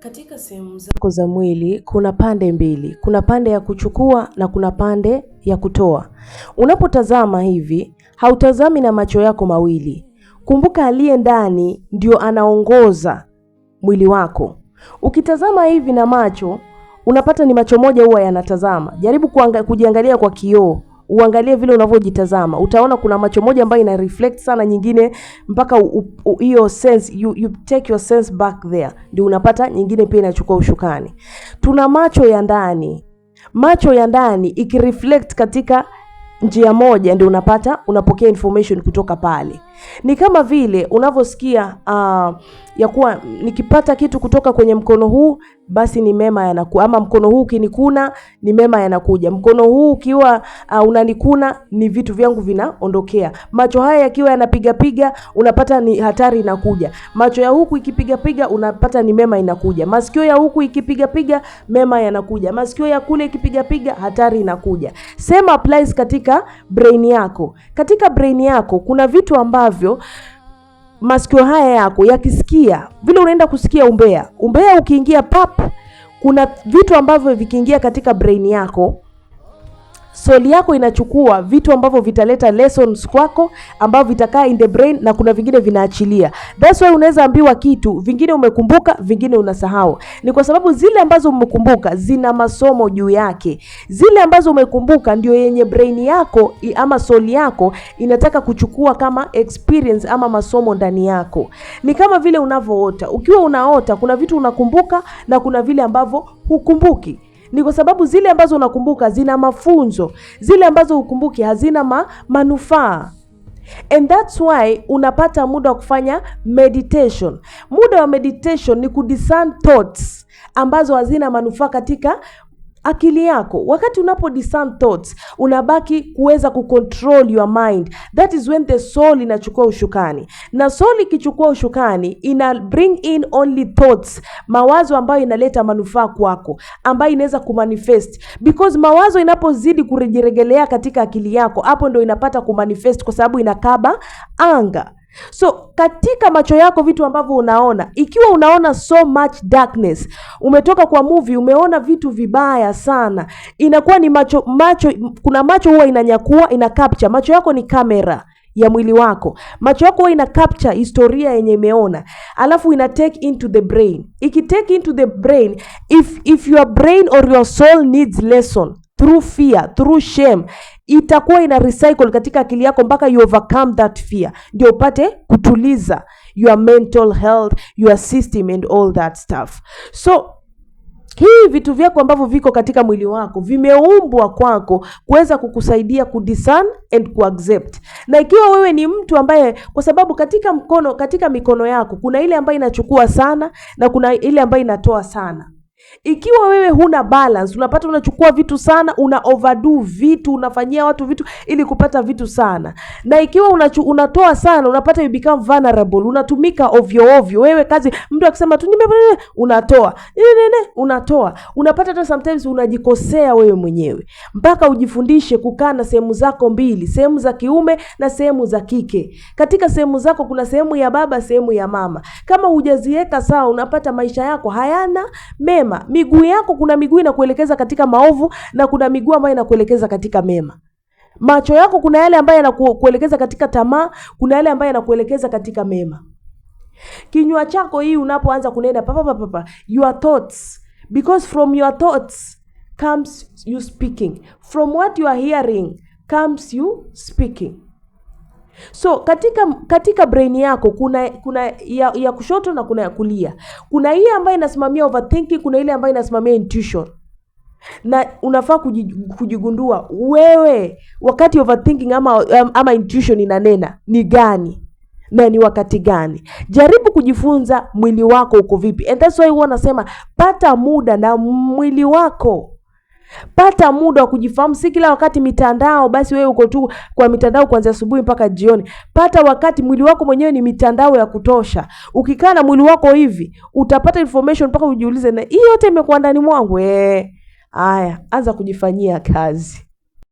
Katika sehemu zako za mwili kuna pande mbili, kuna pande ya kuchukua na kuna pande ya kutoa. Unapotazama hivi, hautazami na macho yako mawili. Kumbuka, aliye ndani ndio anaongoza mwili wako. Ukitazama hivi na macho, unapata ni macho moja huwa yanatazama. Jaribu kujiangalia kwa kioo, uangalie vile unavyojitazama, utaona kuna macho moja ambayo ina reflect sana nyingine, mpaka hiyo sense you, you take your sense back there, ndio unapata nyingine pia inachukua ushukani. Tuna macho ya ndani, macho ya ndani ikireflect katika njia moja, ndio unapata unapokea information kutoka pale. Ni kama vile unavyosikia uh, ya kuwa nikipata kitu kutoka kwenye mkono huu basi ni mema yanakuwa, ama mkono huu ukinikuna ni mema yanakuja, mkono huu ukiwa uh, unanikuna ni vitu vyangu vinaondokea. Macho haya yakiwa yanapigapiga unapata ni hatari inakuja. Macho ya huku ikipigapiga unapata ni mema inakuja. Masikio ya huku ikipigapiga mema yanakuja. Masikio ya kule ikipigapiga hatari inakuja. Same applies katika brain yako. Katika brain yako kuna vitu ambavyo ambavyo masikio haya yako yakisikia vile, unaenda kusikia umbea. Umbea ukiingia pap, kuna vitu ambavyo vikiingia katika brain yako soli yako inachukua vitu ambavyo vitaleta lessons kwako, ambavyo vitakaa in the brain, na kuna vingine vinaachilia. That's why unaweza ambiwa kitu, vingine umekumbuka, vingine unasahau. Ni kwa sababu zile ambazo umekumbuka zina masomo juu yake. Zile ambazo umekumbuka ndio yenye brain yako ama soli yako inataka kuchukua kama experience ama masomo ndani yako. Ni kama vile unavyoota. Ukiwa unaota, kuna vitu unakumbuka na kuna vile ambavyo hukumbuki ni kwa sababu zile ambazo unakumbuka zina mafunzo, zile ambazo ukumbuki hazina ma, manufaa And that's why unapata muda wa kufanya meditation. Muda wa meditation ni kudiscern thoughts ambazo hazina manufaa katika akili yako. Wakati unapo discern thoughts, unabaki kuweza kucontrol your mind, that is when the soul inachukua ushukani, na soul ikichukua ushukani ina bring in only thoughts, mawazo ambayo inaleta manufaa kwako, ambayo inaweza kumanifest, because mawazo inapozidi kurejeregelea katika akili yako, hapo ndo inapata kumanifest, kwa sababu inakaba anga. So katika macho yako vitu ambavyo unaona, ikiwa unaona so much darkness, umetoka kwa movie umeona vitu vibaya sana, inakuwa ni macho macho. Kuna macho huwa inanyakua ina capture, macho yako ni kamera ya mwili wako. Macho yako huwa ina capture historia yenye imeona, alafu ina take into the brain. Iki take into the brain, if if your brain or your soul needs lesson through fear, through shame itakuwa ina recycle katika akili yako mpaka you overcome that fear, ndio upate kutuliza your mental health, your system and all that stuff. So hii vitu vyako ambavyo viko katika mwili wako vimeumbwa kwako kuweza kukusaidia kudiscern and kuaccept. Na ikiwa wewe ni mtu ambaye, kwa sababu katika mkono, katika mikono yako kuna ile ambayo inachukua sana na kuna ile ambayo inatoa sana ikiwa wewe huna balance, unapata unachukua vitu sana, una overdo vitu, unafanyia watu vitu ili kupata vitu sana. Na ikiwa unachu, unatoa sana, unapata you become vulnerable, unatumika ovyo ovyo. Wewe kazi, mtu akisema tu nime, unatoa nene, unatoa, unapata hata sometimes unajikosea wewe mwenyewe, mpaka ujifundishe kukaa na sehemu zako mbili, sehemu za kiume na sehemu za kike. Katika sehemu zako kuna sehemu ya baba, sehemu ya mama. Kama hujaziweka sawa, unapata maisha yako hayana mema mema. Miguu yako kuna miguu inakuelekeza katika maovu na kuna miguu ambayo inakuelekeza katika mema. Macho yako kuna yale ambayo yanakuelekeza katika tamaa, kuna yale ambayo yanakuelekeza katika mema. Kinywa chako hii unapoanza kunena papa papa papa, your thoughts because from your thoughts comes you speaking, from what you are hearing comes you speaking. So katika katika brain yako kuna kuna ya, ya kushoto na kuna ya kulia. Kuna ile ambayo inasimamia overthinking, kuna ile ambayo inasimamia intuition. Na unafaa kujigundua wewe wakati overthinking ama, ama intuition inanena ni gani na ni wakati gani. Jaribu kujifunza mwili wako uko vipi, and that's why huwa nasema pata muda na mwili wako. Pata muda wa kujifahamu, si kila wakati mitandao. Basi wewe uko tu kwa mitandao kuanzia asubuhi mpaka jioni. Pata wakati, mwili wako mwenyewe ni mitandao ya kutosha. Ukikaa na mwili wako hivi, utapata information mpaka ujiulize, na hii yote imekuwa ndani mwangu eh? Haya, anza kujifanyia kazi.